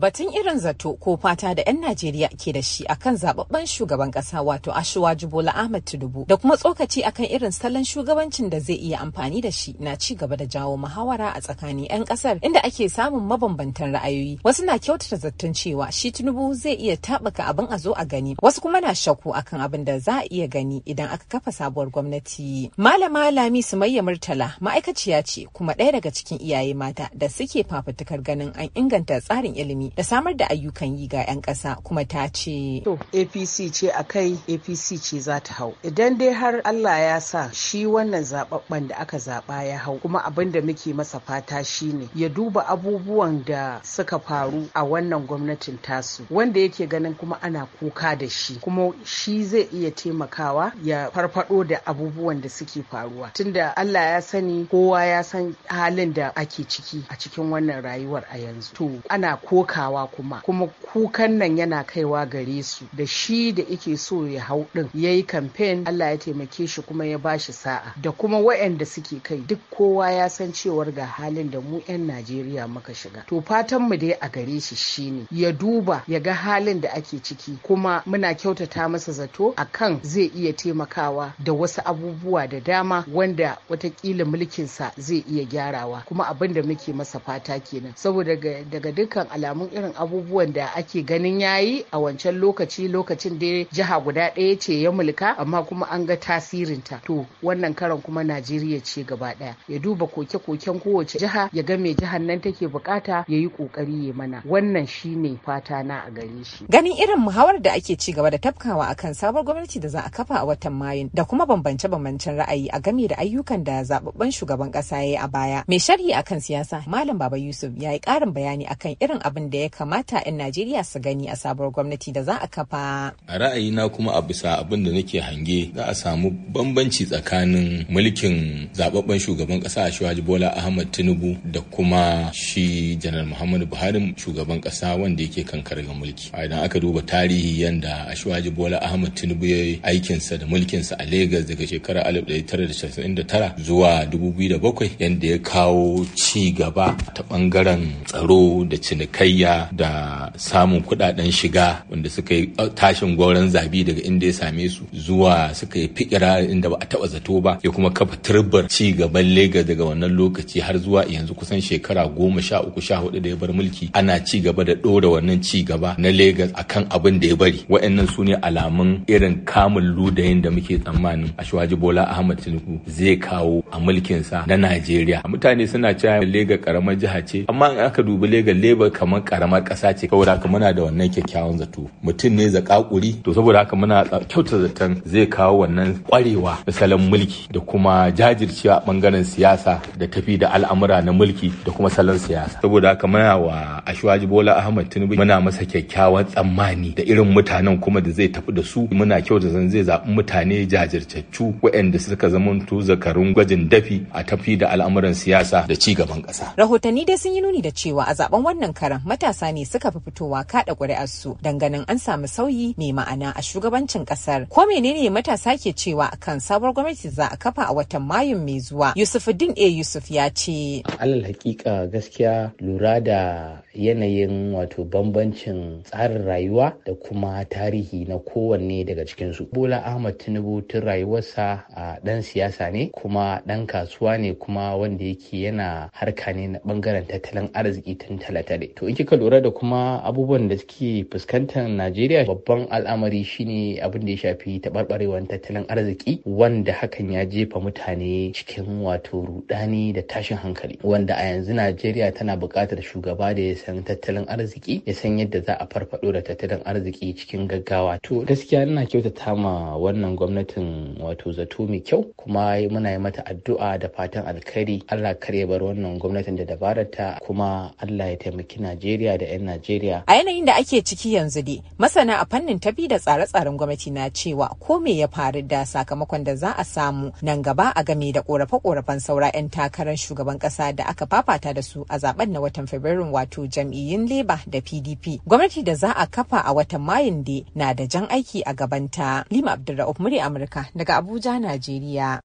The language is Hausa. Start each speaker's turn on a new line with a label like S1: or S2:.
S1: Batun irin zato ko fata da 'yan Najeriya ke da shi akan zababben shugaban kasa wato Ashuwa Jubola Ahmed Tinubu da kuma tsokaci akan irin salon shugabancin da zai iya amfani da shi na ci gaba da jawo muhawara a tsakanin 'yan kasar inda ake samun mabambantan ra'ayoyi. Wasu na kyautata zaton cewa shi Tinubu zai iya taɓuka abin a zo a gani, wasu kuma na shakku akan abin da za a iya gani idan aka kafa sabuwar gwamnati. Malama Lami Sumayya Murtala ma'aikaciya ce kuma ɗaya daga cikin iyaye mata da suke fafutukar ganin an inganta tsarin ilimi da samar da ayyukan yi ga 'yan ƙasa kuma ta ce. To
S2: APC ce a kai APC ce za ta hau. Idan dai har Allah ya sa shi wannan zaɓaɓɓan da aka zaba ya hau kuma abin da muke masa fata shine ya duba abubuwan da suka faru a wannan gwamnatin tasu wanda yake ganin kuma ana kuka da shi kuma shi zai iya taimakawa ya farfado da abubuwan da suke faruwa tunda Allah ya sani kowa ya san halin da ake ciki a cikin wannan rayuwar a yanzu to ana koka kokawa kuma kuma kukan nan yana kaiwa gare su da shi da ike so ya hau din ya yi kamfen Allah ya taimake shi kuma ya ba shi sa'a da kuma waɗanda suke kai duk kowa ya san cewar ga halin da mu 'yan Najeriya muka shiga to fatan mu dai a gare shi shine ya duba ya ga halin da ake ciki kuma muna kyautata masa zato akan zai iya taimakawa da wasu abubuwa da dama wanda watakila mulkinsa zai iya gyarawa kuma abin da muke masa fata kenan saboda daga dukkan alamun irin abubuwan da ake ganin yayi a wancan lokaci lokacin da jiha guda ɗaya ce ya mulka amma kuma an ga tasirinta to wannan karan kuma najeriya ce gaba ɗaya ya duba koke-koken kowace jiha ya ga mai jihar nan take bukata ya yi kokari ya mana wannan shine fata na a gare shi
S1: ganin irin muhawar da ake ci gaba da tafkawa akan sabon gwamnati da za a kafa a watan mayun da kuma bambance-bambancen ra'ayi a game da ayyukan da zababban shugaban kasa ya yi a baya mai sharhi akan siyasa malam baba yusuf ya yi karin bayani akan irin abin da ya kamata 'yan Najeriya su gani a sabuwar gwamnati da za a kafa.
S3: A ra'ayina kuma a bisa abin da nake hange za a samu bambanci tsakanin mulkin zababben shugaban kasa a shiwaji Bola Ahmad Tinubu da kuma shi Janar Muhammadu Buhari shugaban kasa wanda yake kan karga mulki. A idan aka duba tarihi yanda a shiwaji Bola Ahmad Tinubu ya yi aikinsa da mulkinsa a Legas daga shekarar 1999 zuwa 2007 yanda ya kawo ci gaba ta ɓangaren tsaro da cinikayya tarayya da samun kudaden shiga wanda suka yi uh, tashin gwauron zabi daga inda ya same su zuwa suka yi fikira inda ba a taba zato ba ya kuma kafa turbar ci gaban Legas daga wannan lokaci har zuwa yanzu kusan shekara goma sha uku sha hudu da ya bar mulki ana ci gaba da ɗora wannan ci gaba na Legas akan abin da ya bari wa'annan su ne alamun irin kamun ludayin da muke tsammanin Ashwaji Bola Ahmad Tinubu zai kawo a mulkinsa na Najeriya mutane suna cewa Lega karamar jiha ce amma in aka dubi Legas lebar kamar karamar ƙasa ce saboda haka muna da wannan kyakkyawan zato mutum ne zakakuri to saboda haka muna kyauta zaton zai kawo wannan kwarewa da salon mulki da kuma jajircewa a bangaren siyasa da tafi da al'amura na mulki da kuma salon siyasa saboda haka muna wa Ashwaji Bola Ahmad Tinubu muna masa kyakkyawan tsammani da irin mutanen kuma da zai tafi da su muna kyauta zan zai zaɓi mutane jajirtattu waɗanda suka zamanto zakarun gwajin dafi a tafi da al'amuran siyasa da ci gaban ƙasa
S1: rahotanni dai sun yi nuni da cewa a zaben wannan karan matasa ne suka fi fitowa kada ƙuri'arsu ganin an samu sauyi mai ma'ana a shugabancin ƙasar. Ko menene matasa ke cewa akan sabuwar gwamnati za a kafa a watan mayu mai zuwa? yusuf din A Yusuf ya ce. Alal
S4: hakika gaskiya lura da yanayin wato bambancin tsarin rayuwa da kuma tarihi na kowanne daga cikinsu. Bola Ahmad Tinubu tun rayuwarsa a ɗan siyasa ne kuma dan kasuwa ne kuma wanda yake yana harka ne na ɓangaren tattalin arziki tun talatale. To in kika kika lura da kuma abubuwan da suke fuskantar najeriya babban al'amari shine abin da ya shafi taɓarɓarewar tattalin arziki wanda hakan ya jefa mutane cikin wato rudani da tashin hankali wanda a yanzu najeriya tana buƙatar shugaba da ya san tattalin arziki ya san yadda za a farfaɗo da tattalin arziki cikin gaggawa to gaskiya ina kyautata ma wannan gwamnatin wato zato mai kyau kuma muna yi mata addu'a da fatan alkhairi allah kar ya bar wannan gwamnatin da dabararta kuma allah ya taimaki najeriya Najeriya da 'yan Najeriya.
S1: A yanayin da ake ciki yanzu dai, masana a fannin tafi da tsare-tsaren gwamnati na cewa ko me ya faru da sakamakon da za a samu nan gaba a game da korafe-korafen saura 'yan takarar shugaban kasa da aka fafata da su a zaben na watan Fabrairu, wato jam'iyyun Leba da PDP. Gwamnati da za a kafa a watan Mayun dai na da jan aiki a gabanta. Lima Abdulrahman Muri Amurka daga Abuja, Najeriya.